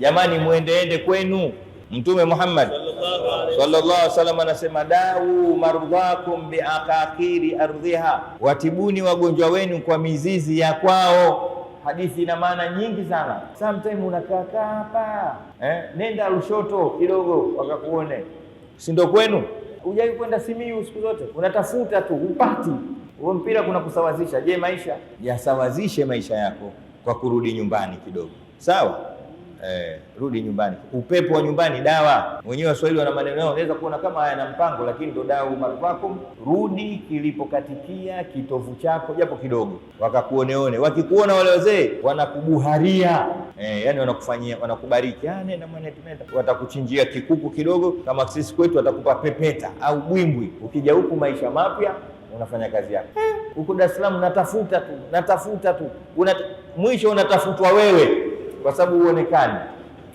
Jamani, mwendeende kwenu. Mtume Muhammad sallallahu alaihi wasallam anasema, dau bi akakiri ardhiha, watibuni wagonjwa wenu kwa mizizi ya kwao. Hadithi ina maana nyingi sana. Sometimes unakaa hapa eh, nenda Lushoto kidogo wakakuone, si ndo kwenu? Hujai kwenda Simiyu? Siku zote unatafuta tu upati huo mpira, kuna kusawazisha. Je, maisha yasawazishe maisha yako kwa kurudi nyumbani kidogo, sawa Eh, rudi nyumbani. Upepo wa nyumbani dawa. Wenyewe Waswahili wana maneno yao, unaweza kuona kama hayana mpango, lakini ndo dawa umarwakum. Rudi kilipokatikia kitovu chako, japo kidogo, wakakuoneone. Wakikuona wale wazee wanakubuharia eh, yani wanakufanyia, wanakubariki ah, nenda mwana nenda, watakuchinjia kikuku kidogo, kama sisi kwetu watakupa pepeta au bwimbwi. Ukija huku maisha mapya unafanya kazi yako eh, huko Dar es Salaam, natafuta tu natafuta tu, una, mwisho unatafutwa wewe kwa sababu huonekani.